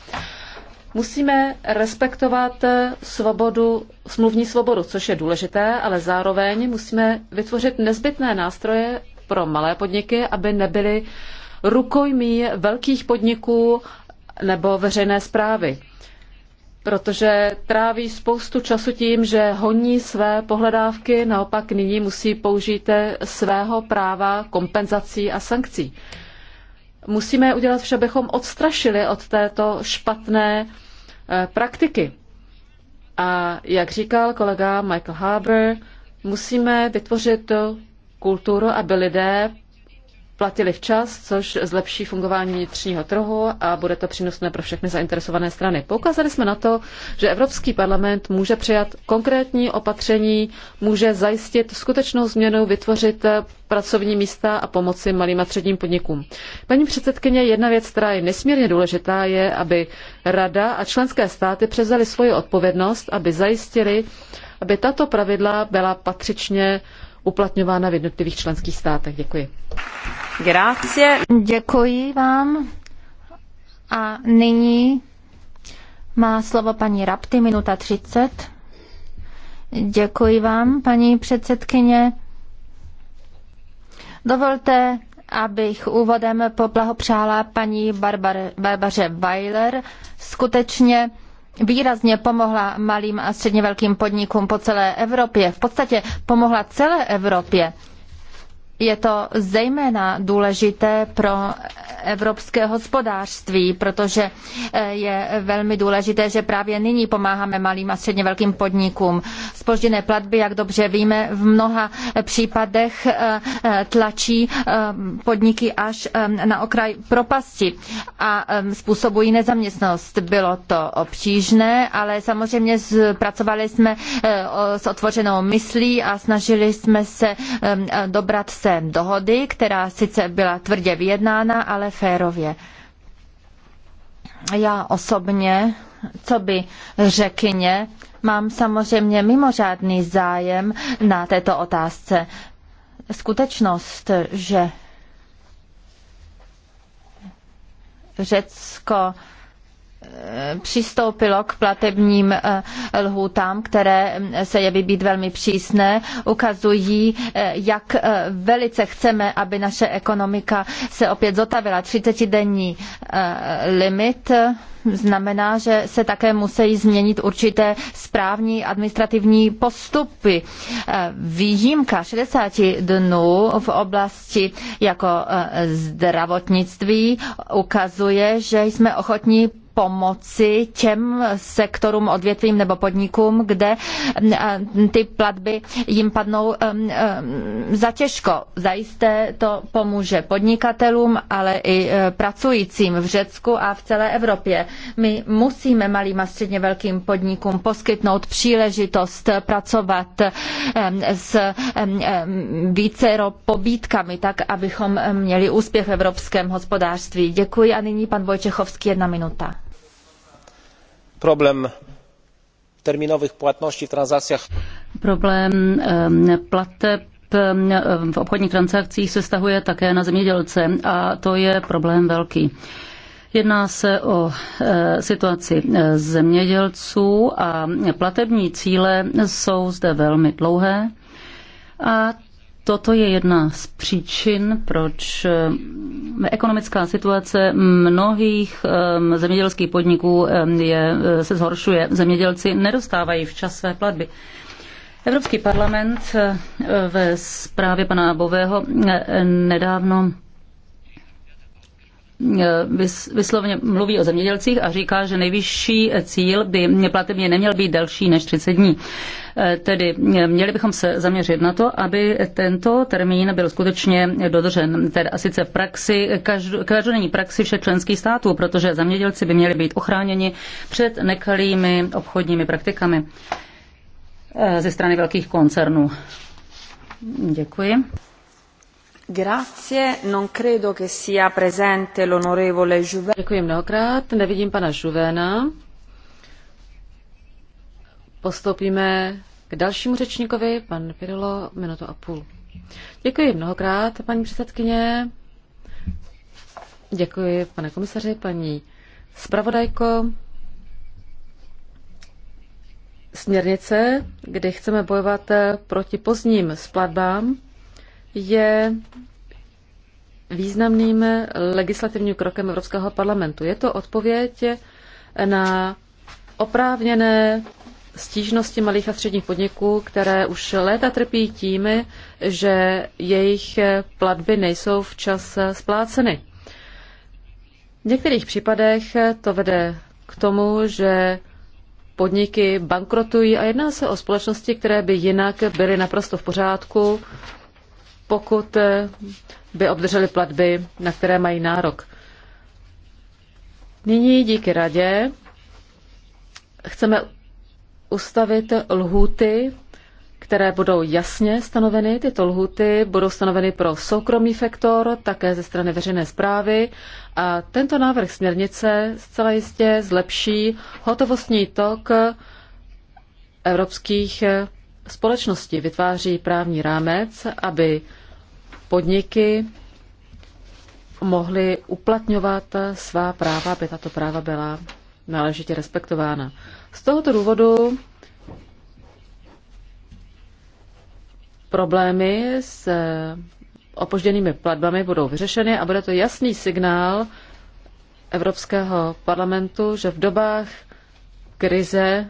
Musíme respektovat eh, svobodu, smluvní svobodu, což je důležité, ale zároveň musíme vytvořit nezbytné nástroje pro malé podniky, aby nebyly rukojmí velkých podniků nebo veřejné zprávy. Protože tráví spoustu času tím, že honí své pohledávky, naopak nyní musí použít eh, svého práva kompenzací a sankcí musíme udělat vše, abychom odstrašili od této špatné eh, praktiky. A jak říkal kolega Michael Harbour, musíme vytvořit kulturu, aby lidé platili včas, což zlepší fungování vnitřního trhu a bude to přínosné pro všechny zainteresované strany. Poukázali jsme na to, že Evropský parlament může přijat konkrétní opatření, může zajistit skutečnou změnu, vytvořit pracovní místa a pomoci malým a středním podnikům. Paní předsedkyně, jedna věc, která je nesmírně důležitá, je, aby Rada a členské státy převzaly svoji odpovědnost, aby zajistili, aby tato pravidla byla patřičně uplatňována v jednotlivých členských státech. Děkuji. Grazie. Děkuji vám. A nyní má slovo paní Rapty, minuta 30. Děkuji vám, paní předsedkyně. Dovolte, abych úvodem poblahopřála paní Barbar- Barbaře Weiler. Skutečně výrazně pomohla malým a středně velkým podnikům po celé Evropě. V podstatě pomohla celé Evropě. Je to zejména důležité pro evropské hospodářství, protože eh, je velmi důležité, že právě nyní pomáháme malým a středně velkým podnikům. Spožděné platby, jak dobře víme, v mnoha případech eh, eh, tlačí podniky až na okraj propasti a způsobují nezaměstnost. Bylo to obtížné, ale samozřejmě pracovali jsme s otvořenou myslí a snažili jsme se dobrat se rámce dohody, která sice byla tvrdě vyjednána, ale férově. Já osobně, co by řekyně, mám samozřejmě mimořádný zájem na této otázce. Skutečnost, že Řecko Eh, přistoupilo k platebním eh, lhůtám, které mm, se jeví být velmi přísné, ukazují, eh, jak velice chceme, aby naše ekonomika se opět zotavila. 30-denní limit znamená, že se také musí změnit určité správní administrativní postupy. Výjimka 60 dnů v oblasti jako zdravotnictví ukazuje, že jsme ochotní pomoci těm sektorům, odvětvím nebo podnikům, kde eh, ty platby jim padnou eh, eh, zatěžko. Zajisté to pomůže podnikatelům, ale i pracujícím v Řecku a v celé Evropě. My musíme malým a středně velkým podnikům poskytnout příležitost pracovat s vícero pobítkami, tak abychom měli úspěch v evropském hospodářství. Děkuji a nyní pan Vojčechovský jedna minuta problem terminowych płatności w transakcjach. Problem plateb v obchodních transakcích se stahuje také na zemědělce a to je problém velký. Jedná se o e, situaci e, zemědělců a platební cíle jsou zde velmi dlouhé a Toto je jedna z příčin, proč eh, ekonomická situace mnohých eh, zemědělských podniků eh, je, se zhoršuje. Zemědělci nedostávají včas své platby. Evropský parlament ve zprávě pana Bového nedávno Eh, vysloveně mluví o zemědělcích a říká, že nejvyšší cíl by platebně neměl být delší než 30 dní. Eh, tedy eh, měli bychom se zaměřit na to, aby tento termín byl skutečně dodržen, tedy a sice v praxi, každodenní praxi všech členských států, protože zemědělci by měli být ochráněni před nekalými obchodními praktikami ze strany velkých koncernů. Děkuji. Grazie, non credo che sia presente l'onorevole Juven. Děkuji mnohokrát, nevidím pana Juvena. Postoupíme k dalšímu řečníkovi, pan Pirilo, minutu a půl. Děkuji mnohokrát, paní předsedkyně. Děkuji, pane komisaři, paní zpravodajko. Směrnice, kde chceme bojovat proti pozdním splatbám, je významným legislativním krokem Evropského parlamentu. Je to odpověď na oprávněné stížnosti malých a středních podniků, které už léta trpí tím, že jejich platby nejsou včas spláceny. V některých případech to vede k tomu, že podniky bankrotují a jedná se o společnosti, které by jinak byly naprosto v pořádku, pokud eh, by obdrželi platby, na které mají nárok. Nyní díky radě chceme ustavit lhuty, které budou jasně stanoveny. Tyto lhuty budou stanoveny pro soukromý sektor, také ze strany veřejné zprávy. A tento návrh směrnice zcela jistě zlepší hotovostní tok evropských eh, společností. Vytváří právní rámec, aby podniky mohly uplatňovat svá práva, aby tato práva byla náležitě respektována. Z tohoto důvodu problémy s opožděnými platbami budou vyřešeny a bude to jasný signál Evropského parlamentu, že v dobách krize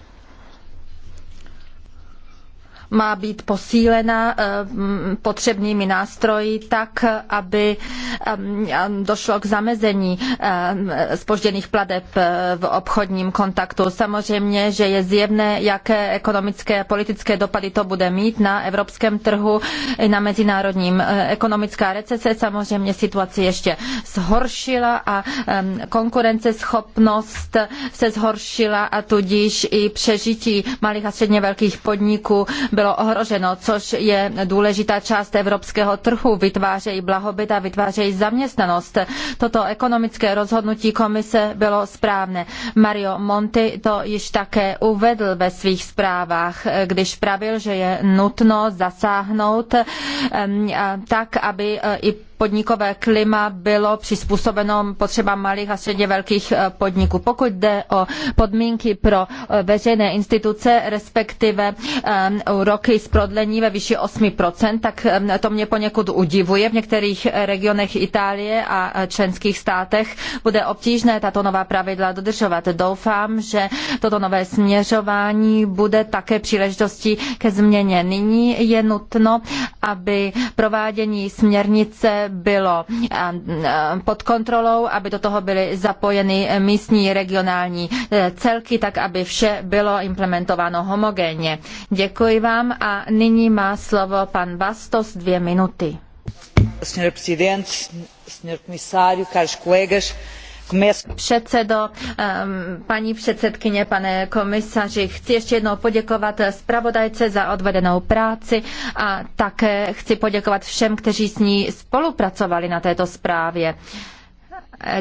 má být posílena eh, potřebnými nástroji tak, aby eh, došlo k zamezení spožděných eh, pladeb v obchodním kontaktu. Samozřejmě, že je zjevné, jaké ekonomické a politické dopady to bude mít na evropském trhu i na mezinárodním. Ekonomická recese samozřejmě situaci ještě zhoršila a konkurenceschopnost se zhoršila a tudíž i přežití malých a středně velkých podniků bylo bylo ohroženo, což je důležitá část evropského trhu. Vytvářejí blahobyt a vytvářejí zaměstnanost. Toto ekonomické rozhodnutí komise bylo správné. Mario Monti to již také uvedl ve svých zprávách, když pravil, že je nutno zasáhnout tak, aby e, i podnikové klima bylo přizpůsobeno potřebám malých a středně velkých eh, podniků. Pokud jde o podmínky pro eh, veřejné instituce, respektive eh, roky z prodlení ve výši 8%, tak to mě poněkud udivuje. V některých regionech Itálie a členských státech bude obtížné tato nová pravidla dodržovat. Doufám, že toto nové směřování bude také příležitostí ke změně. Nyní je nutno, aby provádění směrnice bylo eh, eh, pod kontrolou, aby do toho byly zapojeny místní regionální eh, celky, tak aby vše bylo implementováno homogénně. Děkuji vám a nyní má slovo pan Bastos dvě minuty předsedo, ehm, paní předsedkyně, pane komisaři, chci ještě jednou poděkovat zpravodajce za odvedenou práci a také chci poděkovat všem, kteří s ní spolupracovali na této zprávě,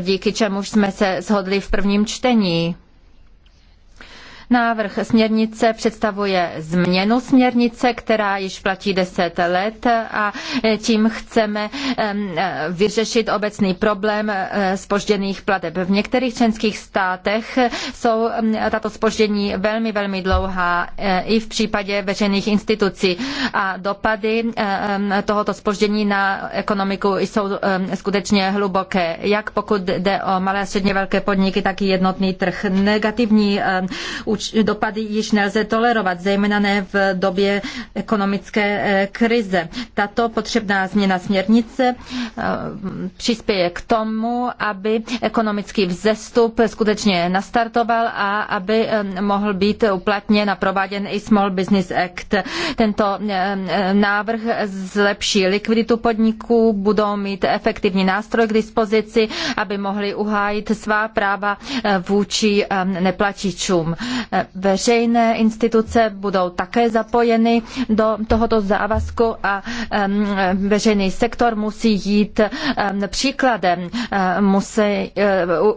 díky čemuž jsme se shodli v prvním čtení. Návrh směrnice představuje změnu směrnice, která již platí 10 let a tím chceme vyřešit obecný problém spožděných eh, plateb. V některých členských státech jsou tato spoždění velmi, velmi dlouhá eh, i v případě veřejných institucí a dopady eh, tohoto spoždění na ekonomiku jsou skutečně hluboké. Jak pokud jde o malé a středně velké podniky, tak i jednotný trh. Negativní účinky dopady již nelze tolerovat, zejména ne v době ekonomické eh, krize. Tato potřebná změna směrnice eh, přispěje k tomu, aby ekonomický vzestup skutečně nastartoval a aby eh, mohl být uplatněn a prováděn i Small Business Act. Tento návrh zlepší likviditu podniků, budou mít efektivní nástroj k dispozici, aby mohli uhájit svá práva vůči neplatičům veřejné instituce budou také zapojeny do tohoto závazku a veřejný sektor musí jít příkladem, musí e,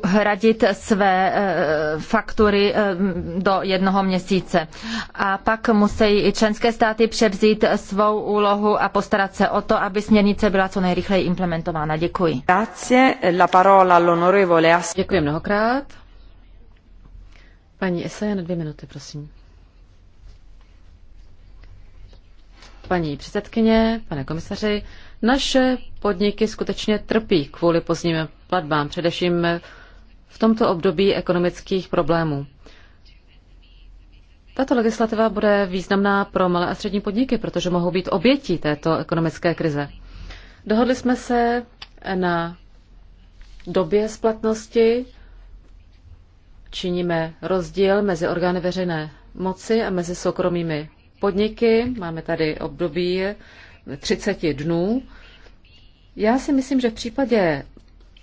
hradit své e, faktury e, do jednoho měsíce. A pak musí i členské státy převzít svou úlohu a postarat se o to, aby směrnice byla co nejrychleji implementována. Děkuji. Děkuji mnohokrát. Paní Esa, na dvě minuty, prosím. Paní předsedkyně, pane komisaři, naše podniky skutečně trpí kvůli pozdním platbám, především v tomto období ekonomických problémů. Tato legislativa bude významná pro malé a střední podniky, protože mohou být obětí této ekonomické krize. Dohodli jsme se na době splatnosti činíme rozdíl mezi orgány veřejné moci a mezi soukromými podniky. Máme tady období 30 dnů. Já si myslím, že v případě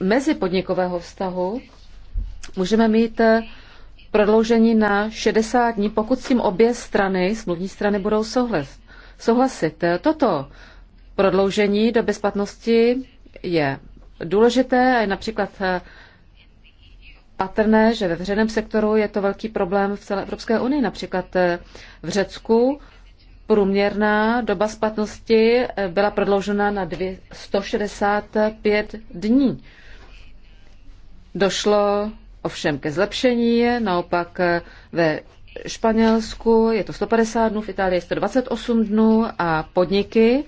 mezipodnikového vztahu můžeme mít eh, prodloužení na 60 dní, pokud s tím obě strany, smluvní strany, budou souhlas, souhlasit. Toto prodloužení do bezplatnosti je důležité a je například eh, patrné, že ve veřejném sektoru je to velký problém v celé Evropské unii. Například eh, v Řecku průměrná doba splatnosti eh, byla prodloužena na 165 dní. Došlo ovšem ke zlepšení, naopak eh, ve Španělsku je to 150 dnů, v Itálii 128 dnů a podniky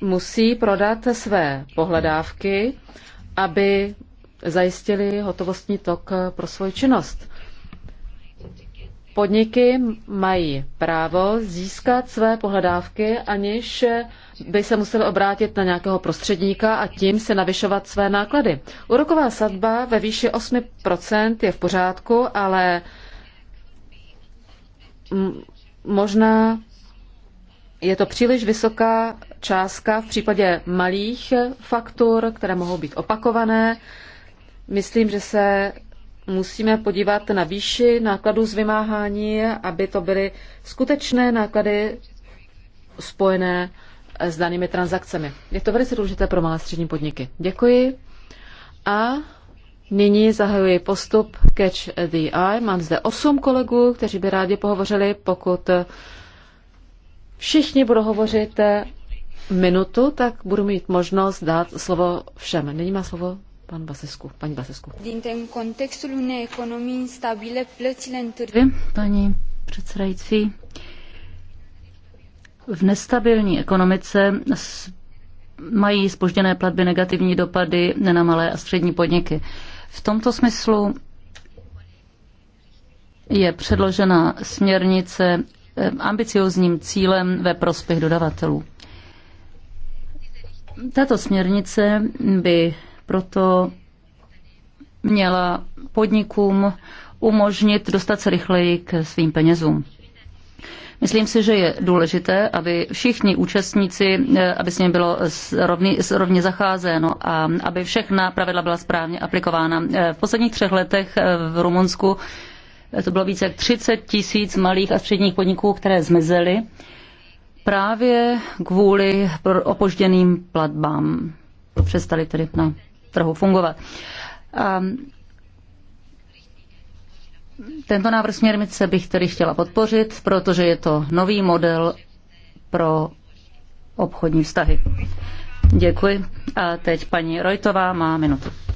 musí prodat své pohledávky, aby zajistili hotovostní tok eh, pro svoji činnost. Podniky mají právo získat své pohledávky, aniž by se museli obrátit na nějakého prostředníka a tím se navyšovat své náklady. Úroková sadba ve výši 8% je v pořádku, ale možná je to příliš vysoká částka v případě malých faktur, které mohou být opakované. Myslím, že se musíme podívat na výši nákladů z vymáhání, aby to byly skutečné náklady spojené s danými transakcemi. Je to velice důležité pro malé střední podniky. Děkuji. A nyní zahajuji postup Catch the Eye. Mám zde osm kolegů, kteří by rádi pohovořili. Pokud všichni budou hovořit minutu, tak budu mít možnost dát slovo všem. Nyní má slovo Pan Basescu, paní Basescu. Din kontextul unei economii instabile, plățile întârziate. Paní předsedající, v nestabilní ekonomice mají spožděné platby negativní dopady na malé a střední podniky. V tomto smyslu je předložena směrnice eh, ambiciozním cílem ve prospěch dodavatelů. Tato směrnice by proto měla podnikům umožnit dostat se rychleji k svým penězům. Myslím si, že je důležité, aby všichni účastníci, eh, aby s nimi bylo rovně, rovně zacházeno a aby všechna pravidla byla správně aplikována. Eh, v posledních třech letech eh, v Rumunsku to bylo více jak 30 tisíc malých a středních podniků, které zmizely právě kvůli opožděným platbám. Přestali tedy na trhu fungovat. Um, tento návrh směrnice bych tedy chtěla podpořit, protože je to nový model pro obchodní vztahy. Děkuji. A teď paní Rojtová má minutu.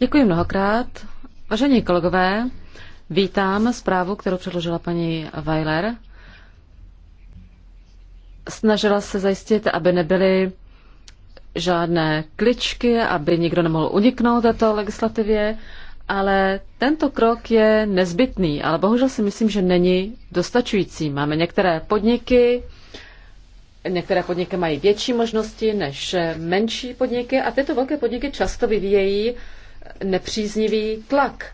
Děkuji mnohokrát. Vážení kolegové, vítám zprávu, kterou předložila paní Weiler. Snažila se zajistit, aby nebyly žádné kličky, aby nikdo nemohl uniknout této legislativě, ale tento krok je nezbytný, ale bohužel si myslím, že není dostačující. Máme některé podniky, Některé podniky mají větší možnosti než menší podniky a tyto velké podniky často vyvíjejí nepříznivý tlak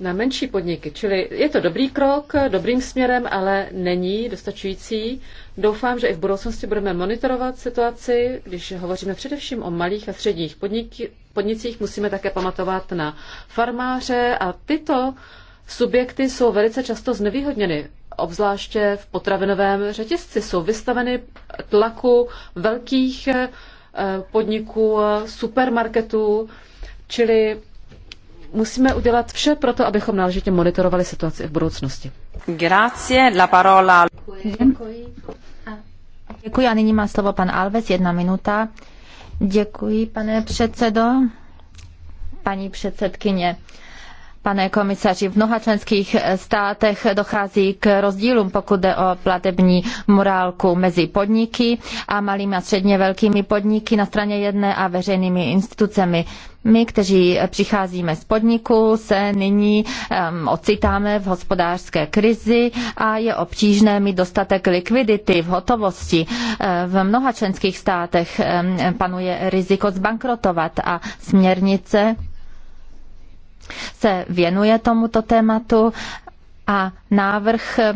na menší podniky. Čili je to dobrý krok, dobrým směrem, ale není dostačující. Doufám, že i v budoucnosti budeme monitorovat situaci. Když hovoříme především o malých a středních podniky, podnicích, musíme také pamatovat na farmáře a tyto subjekty jsou velice často znevýhodněny obzvláště v potravinovém řetězci, jsou vystaveny tlaku velkých eh, podniků, eh, supermarketů, čili musíme udělat vše pro to, abychom náležitě monitorovali situaci v budoucnosti. Grazie, la parola. Děkuji. Děkuji a nyní má slovo pan Alves, jedna minuta. Děkuji, pane předsedo, paní předsedkyně. Pane komisaři, v mnoha členských státech dochází k rozdílům, pokud jde o platební morálku mezi podniky a malými a středně velkými podniky na straně jedné a veřejnými institucemi. My, kteří přicházíme z podniku, se nyní um, ocitáme v hospodářské krizi a je obtížné mít dostatek likvidity v hotovosti. E, v mnoha členských státech panuje riziko zbankrotovat a směrnice se věnuje tomuto tématu a Návrh, eh,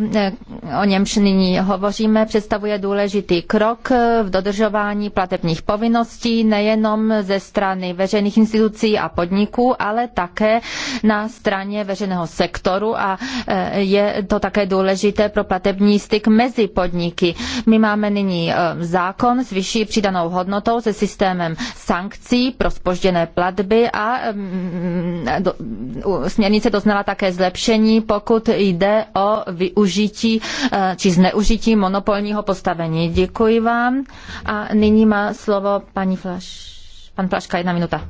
o němž nyní hovoříme, představuje důležitý krok eh, v dodržování platebních povinností nejenom ze strany veřejných institucí a podniků, ale také na straně veřejného sektoru a eh, je to také důležité pro platební styk mezi podniky. My máme nyní zákon s vyšší přidanou hodnotou se systémem sankcí pro spožděné platby a mm, směrnice doznala také zlepšení, pokud jde o využití eh, či zneužití monopolního postavení. Děkuji vám a nyní má slovo paní Flaš. Pan Plaška, jedna minuta.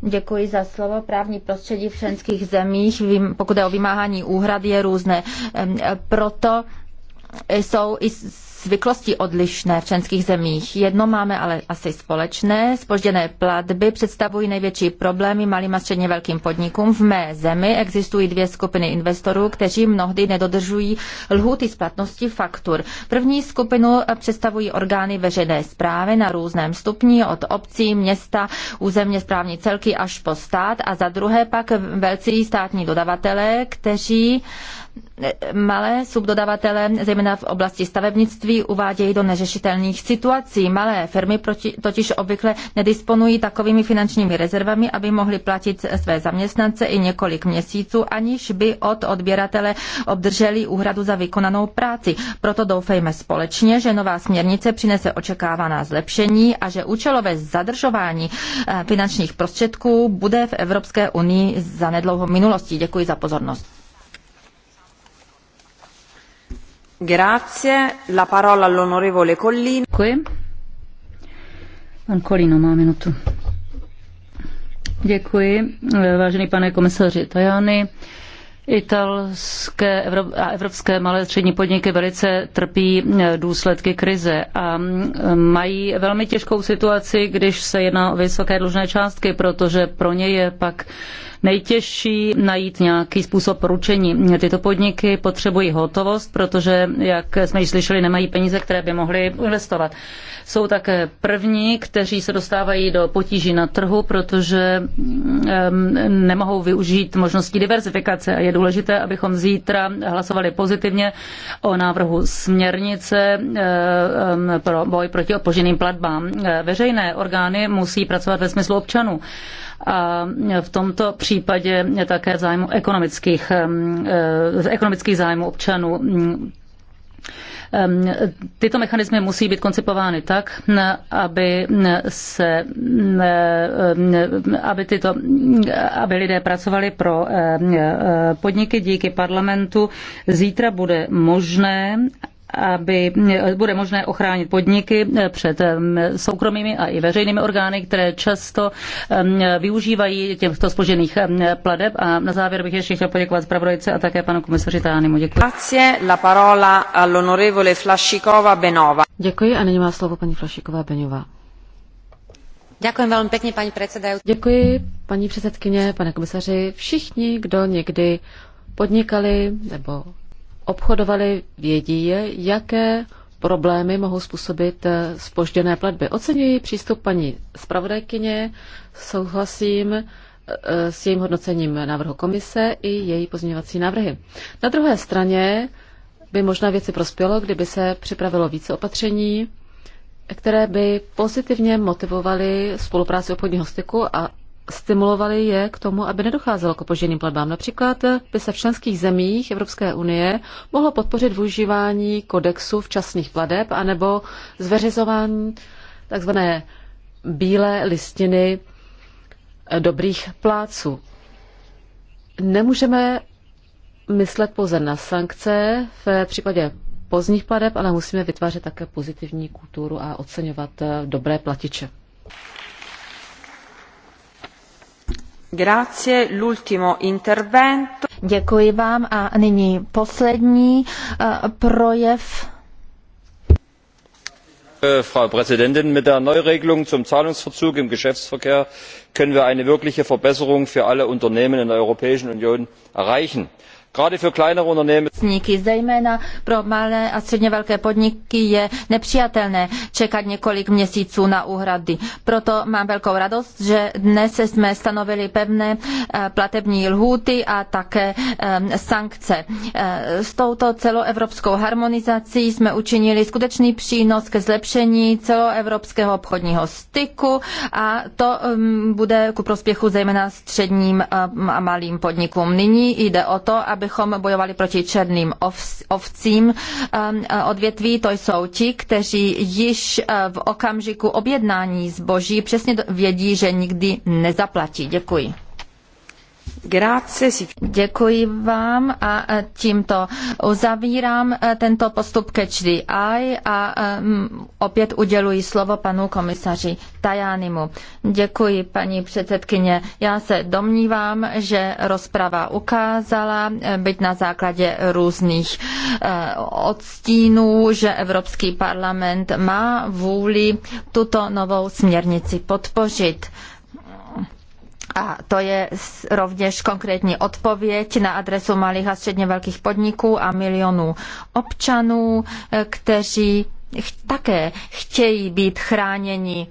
Děkuji za slovo. Právní prostředí v členských zemích, pokud je o vymáhání úhrad, je různé. Ehm, proto jsou i zvyklosti odlišné v členských zemích. Jedno máme ale asi společné. Spožděné platby představují největší problémy malým a středně velkým podnikům. V mé zemi existují dvě skupiny investorů, kteří mnohdy nedodržují lhůty splatnosti faktur. První skupinu představují orgány veřejné zprávy na různém stupni od obcí, města, územně správní celky až po stát a za druhé pak velcí státní dodavatelé, kteří malé subdodavatele, zejména v oblasti stavebnictví, uvádějí do neřešitelných situací. Malé firmy proti, totiž obvykle nedisponují takovými finančními rezervami, aby mohly platit své zaměstnance i několik měsíců, aniž by od odběratele obdrželi úhradu za vykonanou práci. Proto doufejme společně, že nová směrnice přinese očekávaná zlepšení a že účelové zadržování eh, finančních prostředků bude v Evropské unii zanedlouho minulostí. Děkuji za pozornost. Děkuji. vážený pane komisaři Tajani, Italské a evropské malé střední podniky velice trpí eh, důsledky krize a eh, mají velmi těžkou situaci, když se jedná o vysoké dlužné částky, protože pro ně je pak nejtěžší najít nějaký způsob ručení. Tyto podniky potřebují hotovost, protože, jak jsme již slyšeli, nemají peníze, které by mohly investovat. Jsou také první, kteří se dostávají do potíží na trhu, protože nemohou využít možnosti diverzifikace. A je důležité, abychom zítra hlasovali pozitivně o návrhu směrnice pro boj proti opoženým platbám. Veřejné orgány musí pracovat ve smyslu občanů. A v tomto případě také zájmu ekonomických, eh, ekonomických zájmů občanů. Tyto mechanismy musí být koncipovány tak, aby se, aby, tyto, aby lidé pracovali pro eh, podniky díky parlamentu. Zítra bude možné, aby bude možné ochránit podniky před soukromými a i veřejnými orgány, které často využívají těchto spožených pladeb. A na závěr bych ještě chtěl poděkovat zpravodajce a také panu komisaři Tánimu. Děkuji. La parola all'onorevole Flašikova Benova. Děkuji a nyní má slovo paní Flašiková Beňová. Děkuji velmi pěkně, paní předsedající. Děkuji, paní předsedkyně, pane komisaři. Všichni, kdo někdy podnikali nebo obchodovali, vědí, jaké problémy mohou způsobit spožděné eh, platby. Oceňuji přístup paní zpravodajkyně, souhlasím eh, s jejím hodnocením návrhu komise i její pozměňovací návrhy. Na druhé straně by možná věci prospělo, kdyby se připravilo více opatření, které by pozitivně motivovaly spolupráci obchodního styku a stimulovali je k tomu, aby nedocházelo k opožděným platbám. Například by se v členských zemích Evropské unie mohlo podpořit využívání kodexu včasných pladeb anebo zveřizování takzvané bílé listiny dobrých pláců. Nemůžeme myslet pouze na sankce v případě pozdních pladeb, ale musíme vytvářet také pozitivní kulturu a oceňovat dobré platiče. Děkuji vám a nyní poslední uh, projev. Äh, Frau Präsidentin, mit der Neuregelung zum Zahlungsverzug im Geschäftsverkehr können wir eine wirkliche Verbesserung für alle Unternehmen in der Europäischen Union erreichen. Gerade für kleinere Unternehmen účastníky. Zejména pro malé a středně velké podniky je nepřijatelné čekat několik měsíců na úhrady. Proto mám velkou radost, že dnes jsme stanovili pevné eh, platební lhůty a také eh, sankce. Eh, s touto celoevropskou harmonizací jsme učinili skutečný přínos ke zlepšení celoevropského obchodního styku a to mm, bude ku prospěchu zejména středním a malým podnikům. Nyní jde o to, abychom bojovali proti černé černým ovcím um, eh, odvětví, to jsou ti, kteří již eh, v okamžiku objednání zboží přesně vědí, že nikdy nezaplatí. Děkuji. Děkuji vám a tímto uzavírám tento postup ke HDI a opět uděluji slovo panu komisaři Tajánimu. Děkuji, paní předsedkyně. Já se domnívám, že rozprava ukázala, e, byť na základě různých e, odstínů, že Evropský parlament má vůli tuto novou směrnici podpořit. A to je rovněž konkrétní odpověď na adresu malých a středně velkých podniků a milionů občanů, eh, kteří také chtějí být chráněni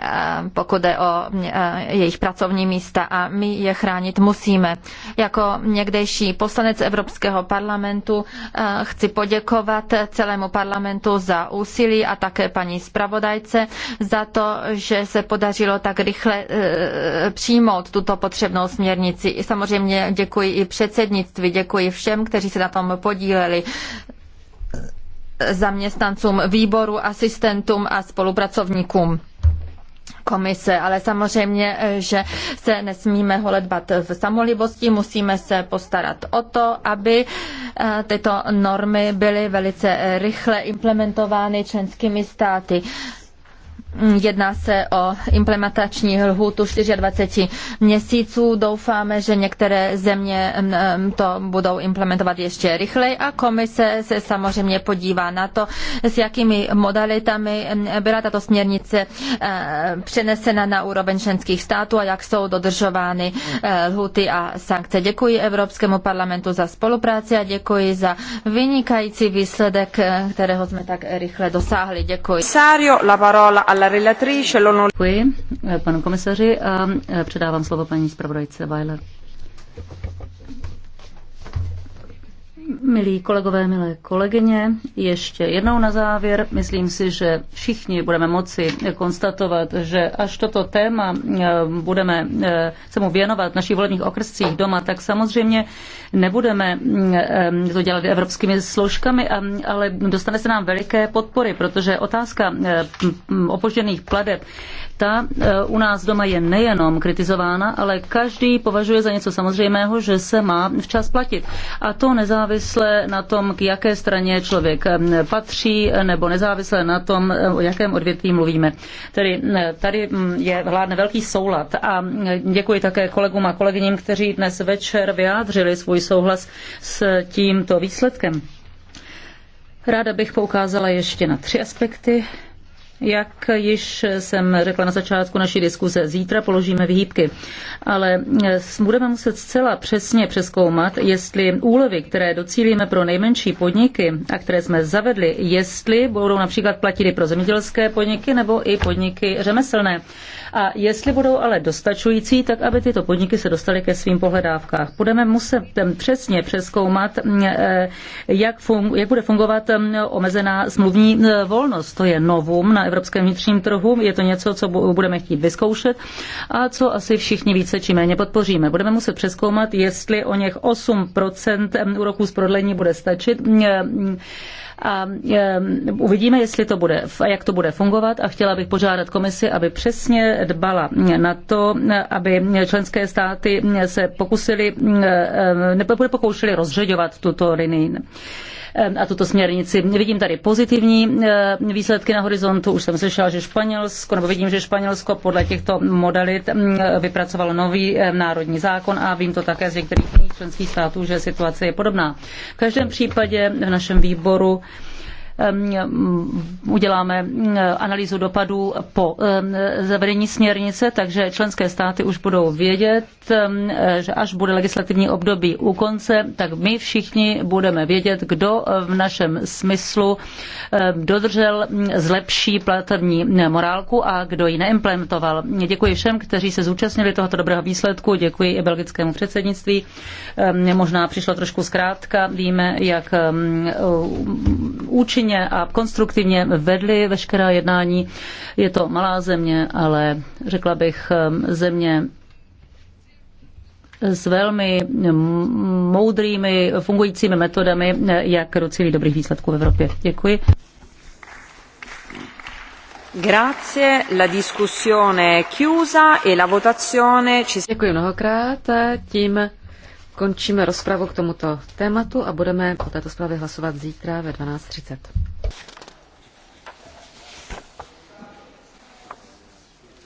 Eh, pokud jde o eh, jejich pracovní místa a my je chránit musíme. Jako někdejší poslanec Evropského parlamentu eh, chci poděkovat celému parlamentu za úsilí a také paní zpravodajce za to, že se podařilo tak rychle přijmout tuto potřebnou směrnici. samozřejmě děkuji i předsednictví, děkuji všem, kteří se na tom podíleli zaměstnancům výboru, asistentům a spolupracovníkům komise, ale samozřejmě, eh, že se nesmíme holedbat v samolibosti, musíme se postarat o to, aby eh, tyto normy byly velice eh, rychle implementovány členskými státy Mm, jedná se o implementační lhůtu 24 měsíců. Doufáme, že některé země mm, mm, to budou implementovat ještě rychleji a komise se samozřejmě podívá na to, s jakými modalitami byla tato směrnice eh, přenesena na úroveň členských států a jak jsou dodržovány eh, lhuty a sankce. Děkuji Evropskému parlamentu za spolupráci a děkuji za vynikající výsledek, eh, kterého jsme tak rychle dosáhli. Děkuji. Sario, la parola Děkuji eh, panu komisaři a eh, předávám slovo paní zpravodajce Weiler. Milí kolegové, milé kolegyně, ještě jednou na závěr. Myslím si, že všichni budeme moci konstatovat, že až toto téma eh, budeme eh, se mu věnovat v našich volebních okrscích doma, tak samozřejmě nebudeme eh, to dělat evropskými složkami, ale dostane se nám veliké podpory, protože otázka opožděných pladeb, ta u nás doma je nejenom kritizována, ale každý považuje za něco samozřejmého, že se má včas platit. A to nezávisle nezávisle na tom, k jaké straně člověk patří, nebo nezávisle na tom, o jakém odvětví mluvíme. Tedy tady je vládne velký soulad a děkuji také kolegům a kolegyním, kteří dnes večer vyjádřili svůj souhlas s tímto výsledkem. Ráda bych poukázala ještě na tři aspekty jak již jsem řekla na začátku naší diskuze, zítra položíme výhybky, ale eh, budeme muset zcela přesně přeskoumat, jestli úlevy, které docílíme pro nejmenší podniky a které jsme zavedli, jestli budou například platit i pro zemědělské podniky nebo i podniky řemeslné. A jestli budou ale dostačující, tak aby tyto podniky se dostaly ke svým pohledávkách. Budeme muset eh, přesně přeskoumat, mm, eh, jak, fun- jak bude fungovat mm, omezená smluvní volnost. To je novum na evropském vnitřním trhu. Je to něco, co budeme chtít vyzkoušet a co asi všichni více či méně podpoříme. Budeme muset přeskoumat, jestli o něch 8% úroků z prodlení bude stačit a uvidíme, jestli to bude, jak to bude fungovat a chtěla bych požádat komisi, aby přesně dbala na to, aby členské státy se pokusili, nepokoušeli rozřeďovat tuto linii. Ehm, a tuto směrnici. Vidím tady pozitivní ehm, výsledky na horizontu. Už jsem slyšela, že Španělsko, nebo vidím, že Španělsko podle těchto modalit ehm, vypracovalo nový národní zákon a vím to také z některých jiných členských států, že situace je podobná. V každém případě v našem výboru Ehm, uděláme eh, analýzu dopadů po ehm, zavedení směrnice, takže členské státy už budou vědět, ehm, že až bude legislativní období u konce, tak my všichni budeme vědět, kdo v našem smyslu dodržel mm, zlepší platební mm, morálku a kdo ji neimplementoval. Děkuji všem, kteří se zúčastnili tohoto dobrého výsledku, děkuji i belgickému předsednictví. Možná přišlo trošku zkrátka, víme, jak účinně aktivně a konstruktivně vedli veškerá jednání. Je to malá země, ale řekla bych ehm, země s velmi moudrými fungujícími metodami, eh, jak docílit dobrých výsledků v Evropě. Děkuji. Grazie, la discussione è chiusa e la votazione ci... Děkuji mnohokrát, tím Končíme rozpravu k tomuto tématu a budeme o této zprávě hlasovat zítra ve 12.30.